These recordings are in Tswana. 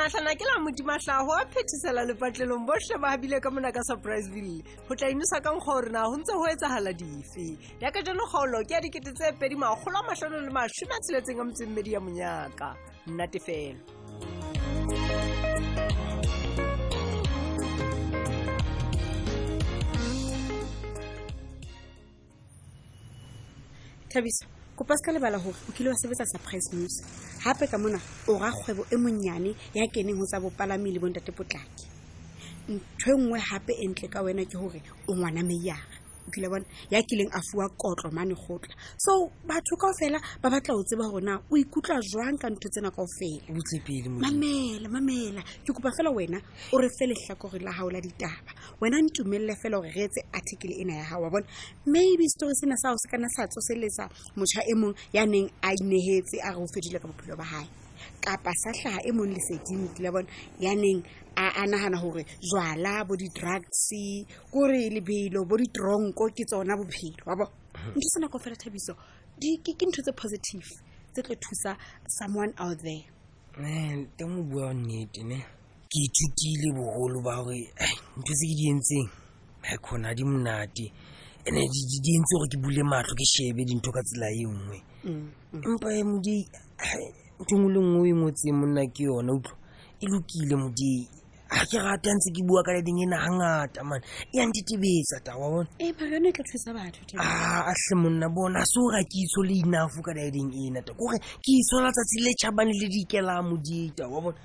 hlanahlana ke la modimatlhago a phethisela lepatlelong botlhe ba habile ka monaka surprise ville go tla inosa kang ga gore na go ntse go etsagala dife yaka jano kgaolo ke ya dikete tse pedi magolo a matlhano le masome a tsheletseng a metsengmedi ya monyaka nna tefelo thabiso kopa se ka lebala gore o kile wa sebetsa sa price news gape ka mona o ra kgwebo e monnyane ya keneng go tsa bopalami le bontate potlaki ntho e nngwe gape e ntle ka wena ke gore o ngwana meiara ikutlwile bona ya kileng a fiwa kotlo mane gotla so batho kao fela ba batla o tseba gorena o ikutlwa jwang ka ntho tsena kao felamamela mamela ke kopa fela wena o re fe letlhakore la gago la ditaba wena ntumelele fela gore re etse article ena ya gago wa bona maybe story sena sa go se kana sa tsoseletsa motšha e mongwe ya neng a inegetse a re o fedile ka bophelo ba gae kapa sa tlhaga e mong leseding tila bona yaaneng a nagana gore jwala bo di-drugs kore lebelo bo ditronko ke tsona bophelo wa bo mhm. ntho se nako fela thabiso ke ntho tse positive tse tlo thusa someone out there te mo bua nnete ne ke ithutile bogolo ba gore eh, ntho tse ke di entseng eh, kgona di monate ane di entse gore ke bule matlho ke shebe dintho ka tsela e nngwe mm, mm. empa e modi eh, nthongwe e le ngwe o e ngotseng monna ke yone utlwa e lokile modie ga ke rata ntse ke bua ka leding e na gangata mane e yang ditebetsa tawa bonaatlhe e, e ah, monna bona a se ora ke itshole enafo ka leding ena ta kore ke itshola tsatsi le tšhabane le dikelang modie tawa bona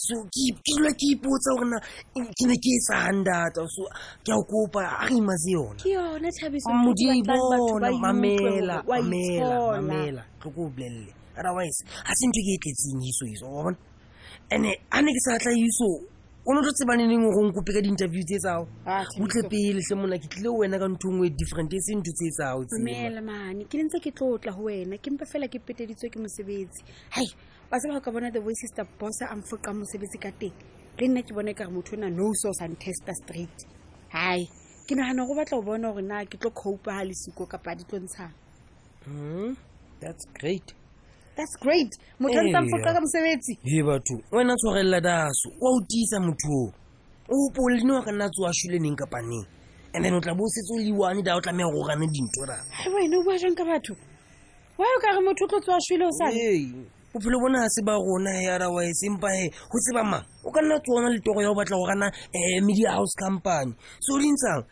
so kedula ke ipotsa gorena ke ne ke e sandata so ke ya o kopa a re imase yonamela tlo ko o bolelele otherwise ga sentho e ke e tletseng iso e iso e wa bona and-e ga ne ke sa tla iso o ne o tlo tsebaneneng gore nkope ka di-interview tse tsago ah, otle pelethe mona ke tlile o wena ka ntho ngwe different e sentho tse tsago tsemela mane ke ne ntse ke tlotla go wena ke mpe fela ke peteditswe ke mosebetsi hai ba seba ka bona the way sister bosa a nfoqa mosebetsi ka teng le nna ke bone kare motho o na no sosan testa street hai ke nagana go batla go bona gore na ke tlo coupa ga lesiko kapa di tlo ntshang hmm, that's great that's great motho a ntsanfoqa ka mosebetsi e batho wena tshwarelela daso wa o tiisa motho o opoleneo ka nna tse a shileneng kapaneng and then o tla bo o setse o leiwane da o tlameya go gane dinto ra wena o bua jang ka batho wa e o kare motho o tlo tse a shile o sae bophelo bona ga se ba rona he otherwise empa he go tseba mang o ka nna tsona le togo ya go batla go gana um eh, media house company so dintsang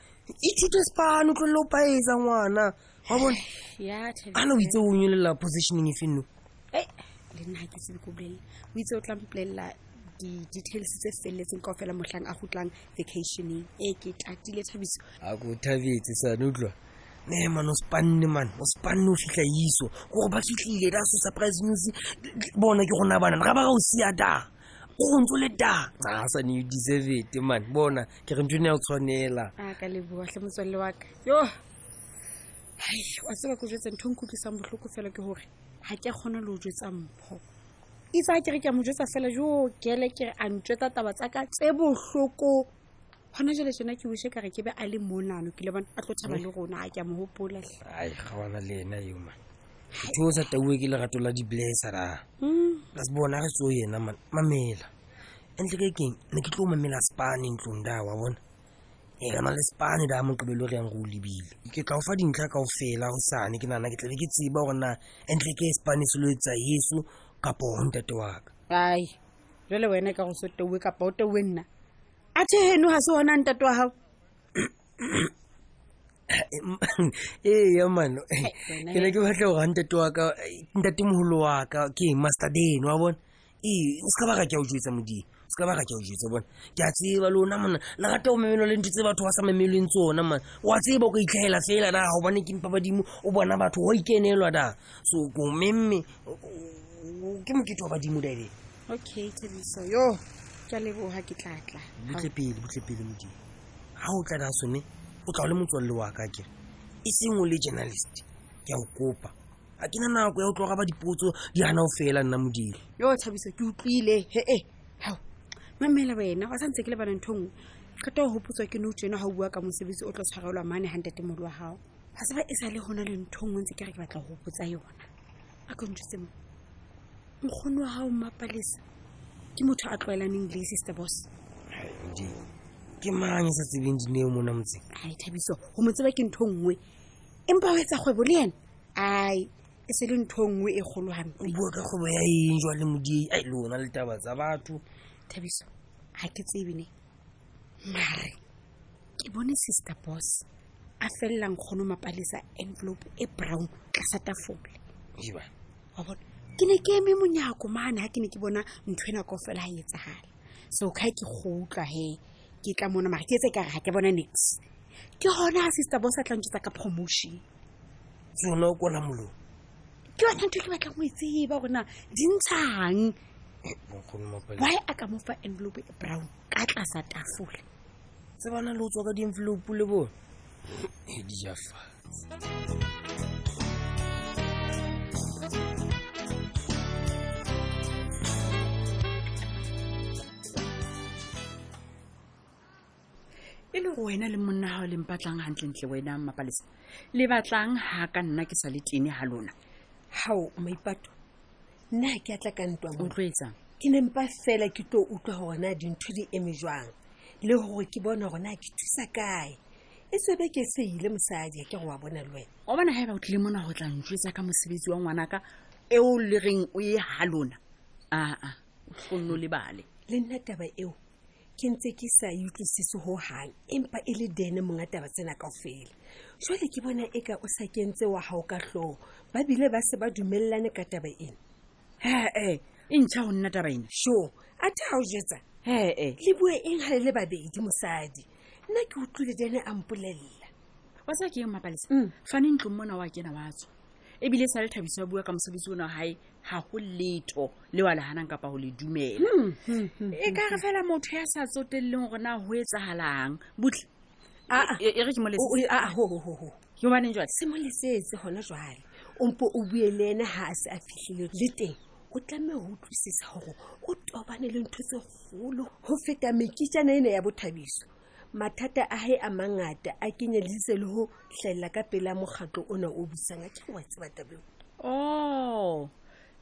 ithute e span o tlolele o paetsa ngwana wa bone ana o itse o nyelela positioning e fenno eh, di-details tse feleletseng kao fela motlhang a gotlang vacationeng e eh, ke tatile thabiso a ko thabetse sane utlwa ne man o spanne man o spanne o fitlha iso kogo ba fitlhile da so surprise news bona ke gona banan ga ba ga o sia da o go ntse o le da asane you deservete man bona ke re ntho ne ya go tshwanela akaleboatlhe motswalle waka yo hai wa tseba ko jetsa ntho e nkutlwisang botlhoko fela ke gore ga ke kgona le o jwetsa mpho itsaya kere ke a mo jwetsa fela joo kele kere a ntswetsa taba tsaka tse botlhoko gona jale tsona ke use kare ke be a le monano ke le bona a tlo tshaba le mm. rona a ke a mogopolaai ga ona le ena yoma tho o sa taue ke lerato la diblessara mm. ka se bona re tso ena mamela entle ka e keng ne ke tlo mamela spane ntlong da wa bona e rena le spane da moqobelo re yang re o lebile ke tla o fa dintlha kao fela go sane ke nana ke tlabe ke tseba gorena entle ke spane selo e tsa yeso kapo gontate wa ka ai jale wena ka go se taue kapa o taue nna a the heno ga se onang tato wa gago eya eh, eh, mano eh, ke ne ke batla gore ntate waka ntate mogolo waka ke master deno wa bone ee se ka baka ke a o jetsa modimo se ka baka ke a o jetsa bone ke a tseba le ona mona le rata o memelo le ntho tse batho ba sa memelweng tse ona mane oa tseba o ka itlhaela fela da gobane ke mpa badimo o bona batho oa ikenelwa da so ko memme ke mokete wa badimo dae okay tebiso yo ke a leboga ke tla tla butlepele butlepele modimo ga o tla ka sone o tla o le wa ka kere e sengwe le journalist ke a o kopa a ke na nako ya o tloga ba dipotso di gana o fela nna modiri yo thabiso ke utlwile he e hao mamela wena wa santse ke le bana ntho nngwe ka to hopotswa ke note ena ga o bua ka mosebetsi o tlo tshwarelwa mane gantatemolo wa gago ga se ba e sa le gona le ntho nngwe ntse ke re ke batla go hopotsa yona a kontse mo nkgono wa gago mmapalesa ke motho a tlwaelaneng le sister boss ke manye sa tsebeng dine o mona motseng ai thabiso go mo tseba ke ntho e nngwe empa o etsa kgwebo le ene ai e se le ntho e nngwe e gologampe o bua ka kgwebo ya eng jwa le modiei ai le ona le taba tsa batho thabiso ga ke tsebene mare ke bone sister boss a felelang kgono mapalesa envelope e brown tlasa tafole wa bone ke ne ke eme monyako maane ga ke ne ke bona ntho e nako fela ga etsagala so kga ke go utlwa he ke tla mona mare ke etse kare ga ke bona nix ke gona sister bo sa tlang tsa ka promotion sona o kwala molong ke yona ntho e ke batlang go etseba gorena dintshang why a ka mofa envelope e brown ka tlasa tafole tse bana le go tswa ka di-envelope le bone e dija fatshe le go wena le monna gao le mpatlang gantlentle wena mmapalesa le batlang ga ka nna ke sa le tene ga lona gao maipato nna ga ke atla ka ntwaotloetsang ke nempa fela ke tlo utlwa gorena dintho di eme jwang le gore ke bona gorena ke thusa kae e sebe ke seile mosadi ke go wa bona le wena o bona ga e ba otlile mona go tlang jwetsa ka mosebetsi wa ngwanaka eo le reng o ye ga lona aa ah, ah, o tlonno le bale le nna taba eo ke ntse ke sa utlwisise ho hang empa e le dene mongataba tsena kaofela jwale ke bona e ka o sa kentse wa hao ka hlogo ba bile ba se ba dumellane ka taba ena hee e ntšha go nna taba ena sure a the ga o jetsa hee le bue eng ga le le babedi mosadi nna ke utlwile dene a mpolelela wa sa ke eng mapalesa mm. fane ntlong mona oa kena wa tswa ebile sa le thabiso ya bua ka mosebetsi ona gae ga go leto le wa lehanang kapa go le dumela hmm, hmm, hmm, e ka re fela motho ya sa tsotelleng gore na go etsagalang botlesemolesetse e gona jale ompo o bue le ene ga a se a fitlhile le teng o tlame go utlwisisa gore o tobane le ntho tse golo go feta mekitsana e ne ya bothabiso mathata a hae a mangata a kenyeleditse le go hlahella ka pela mokgatlo ona o busang a ke wa tseba tabeo oh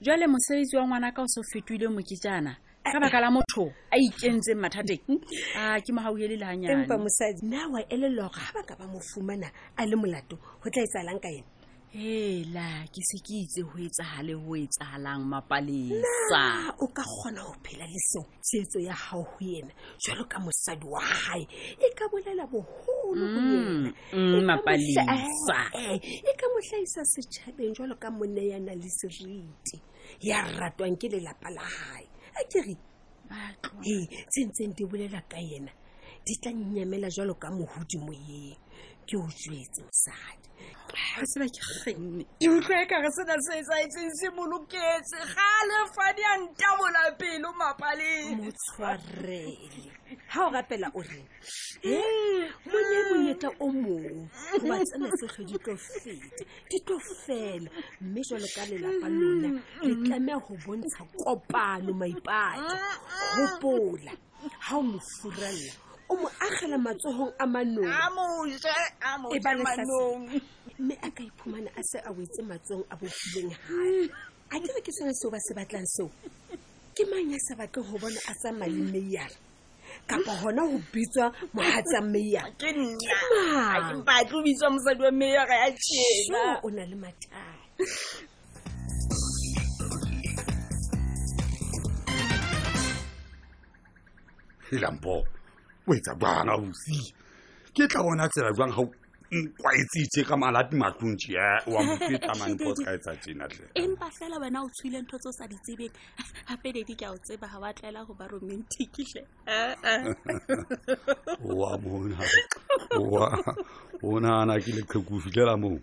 jwale mosebetsi wa ngwana ka o se fetohile moketjana ka ah, baka la eh. motho a ikentseng mathateng mm-hmm. a ah, ke mohauele le hanyane mosadi na wa elellwa hore ha ba ka ba mo fumana a le molato go tla e tsalang ka yena hela ke se ke itse go etsagale go etsagalang mapalesa o ka kgona go phela le seo tsietso ya gao go ena jalo ka mosadi wa gae e ka bolela bogolomapalesa mm, e, mm, eh, eh, e ka mo tlhaisa setšhabeng jalo ka monne yana le seriti ya ratwang ke lelapa la gae a kere batlo e tsentseng di bolela ka ena di tla nnyamela jalo ka mogodimo yeng ke o jetse osadi ga se ba ke kgenne ke utlwa kare sena se etsaetseng se moloketse ga lefadi a ntabola pelo mapaleng motshwarele ga o rapela o re go ne monyetla mm. o mongwe goba tsenasege di tlo fete di tlo fela mme jalo ka lelapa mm. lona re mm. tlameya go bontsha kopano maipato gopola ga o mo furalela o mo agela matsogong a e manong mme a ka iphumana a se a wetse matsong a bofileng gae a ke re ke sone seo ba se batlang seo ke mang ya sa batleng go bona a sa male meiara kapa gona go bitswa mogatsa meiarakebatlobitswa mosadi wa meiara ya tena o na le matai lampo kwetsa jwana osi ke tla bona tsela jwang ga nkwaetsetse ka malati matlontsi a eh, wa mofetamane pos ka etsa tenatle empa fela wena o tshwile ntho tse o sa di tsebeng gapededi ke a o tseba ga wa tlela go ba romantikile eh, eh. wa mona o naana ke le kgeko fitlela moo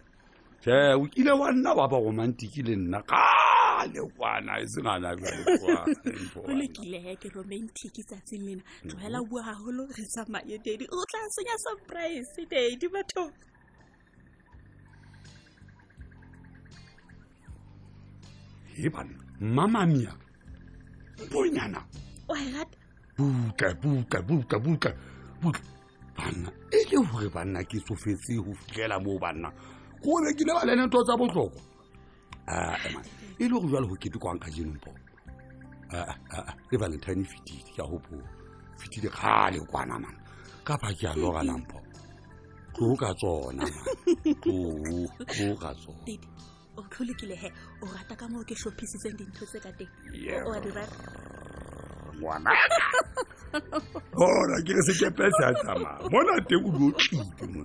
ja o kile wa nna wa ba romantikile nna kwana e sena nakole ke romantic tsatsing lena tlogela mhm. bua gagolo re tsamaye dadi o tla senya surprise dadi batho e banna mamamia bonyana buka buka buka buka buka banna e le gore banna ke tsofetse go fitlhela moo banna ke rekile ba lene ntho tsa botlhokwa Ah, ah, eh, e le go jwale go kete kwang ka jenpo ke ah, valentine e fetile ke a gopo fetile kgale o kwanamang ka pa ke a loganampo tlo ka tsona tlo ka tsona o tlholekile he o rata ka moo ke tlhophisitseng dintho tse ka teng ngwana ora ke re sekepe se a tsamaya mona teng o di o tlile mo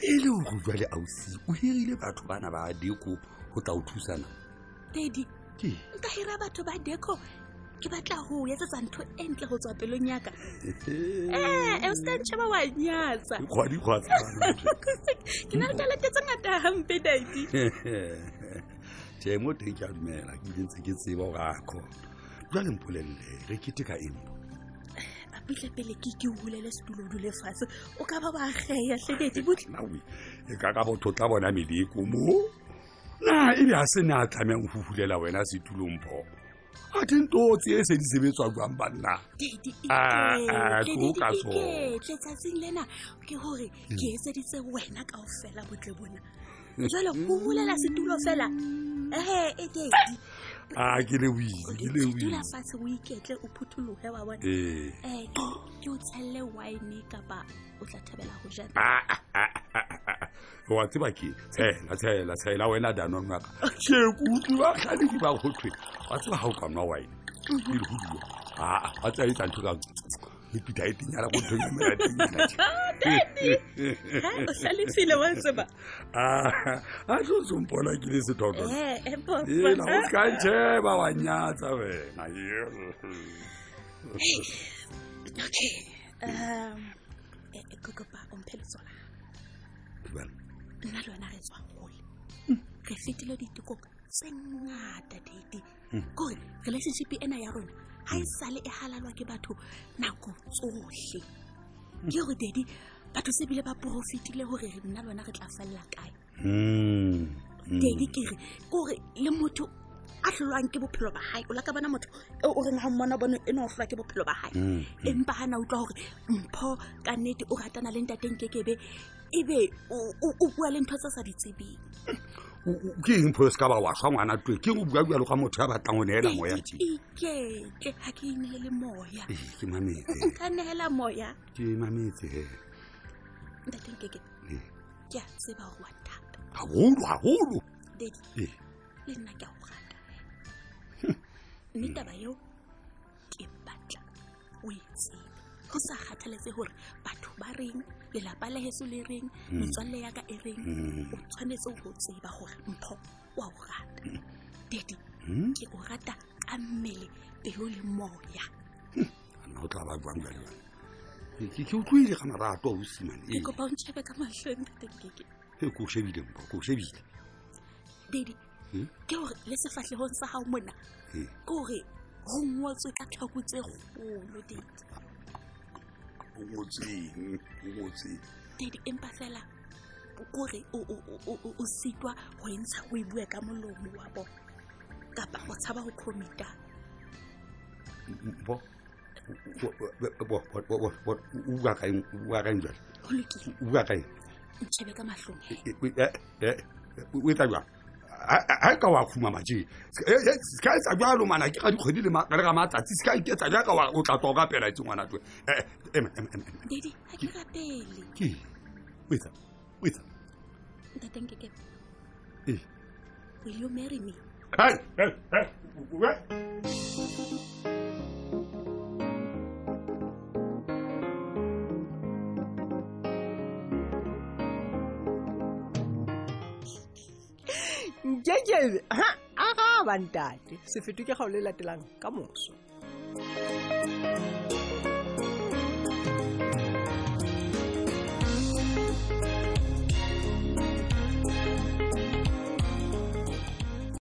e le go jwale ausi o hirile batho bana ba deko go tla o thusana dadi nka hira batho ba deco ke batla go etsetsa ntho e ntle go tswa pelong yaka eh, ostanšheba wa nyatsa ke na letaletetse ngata gampe dadi e mo teng ke a dumela ke dintse ke tseba go akgo jwa lempolelele re kete ka eno apitle pele ke ke bulele setulo dule fatshe o ka ba baageya tledetie e ka ka botho tla bona medekomoo na e be a se ne a tlamehang ho hulela wena setulong pho a ke ntotse e se ah, di ah, sebetswa jwang banna ko ka sontletsatsing lena ke hore mm. ke etseditse wena ka ofela botle bona jalo ho hulela setulo fela ehe e a ah, ke le wile ke le wile fatshe o iketle o phutholohe wa bona eh, eh o tshelle wine kapa o tla thabela ho jana wa tseba ke latshaela wena danongaka sekutlu ba kgaledi ba gotlhe wa tseba ga o ka nwa wine ele godio aa wa tseba e tsantho ka mepita e tenyala go thong emela a tlotsompona ke le setotoena e o kantšheba wa nyatsa wena okay um, e, e, kukupa, nna le yona re tswa gole mm. re fetile diteko tse ngata date mm. kore relationship ena ya rona ga e mm. e halalwa ke batho nako tsohle ke gore daddy batho se bile ba profitile gore nna lona re tla felela kae dedi kere kore le motho a tlholwang ke bophelo ba hae o la ka bona motho e o reng ga mmona bone e ne o ke bophelo ba hae empa ga na utlwa gore mpho ka nnete o ratana le ntateng kekebe ebe o bua le ntho tse sa di tsebeng ke eng pho se ka ba wa swa ngwana twe ke go bua bjalo ka motho ya batlang o neela moya iketle ga ke ineele ee, moya ke mametse nka neela moya ke mametse he ntatenkeke ee. ke a tseba gore wa thata gagolo gagolo dedi ee. le nna ke a go rata mme taba eo ke batla o e tsebe go sa kgathaletse gore ba reng lelapa le heso le reng hmm. metswalle ya ka e reng hmm. o tshwanetse tseba mpho wa o rata hmm. ke o rata ka mmele pelo le moya ana o tla ba ke utlwile marato ke kopa o ntshebe ka tatekeke ko shebile ko shebile ke le sa mona ke ka tse ukuthi ukuthi tedi empa fela kore o sitwa go e ntsha o e bue ka molomo wa bona kapa go tshaba go comita bo bua kaeng jale bua kaeng ntshebe ka matlhong o etsa jang ga ka wa khuma maje se tsa eh, eh, etsa jalo mana ke ga dikgwedi le re ga matsatsi se ka iketsa jaaka o tla twa ka pela etse ngwana twe eh, dadi ga ke rapele ke wetsa wetsa ntatenkeke ee. will you marry me hey, hey, hey. jjb aha bantate se sefeto ke kgaolo e latelang ka moso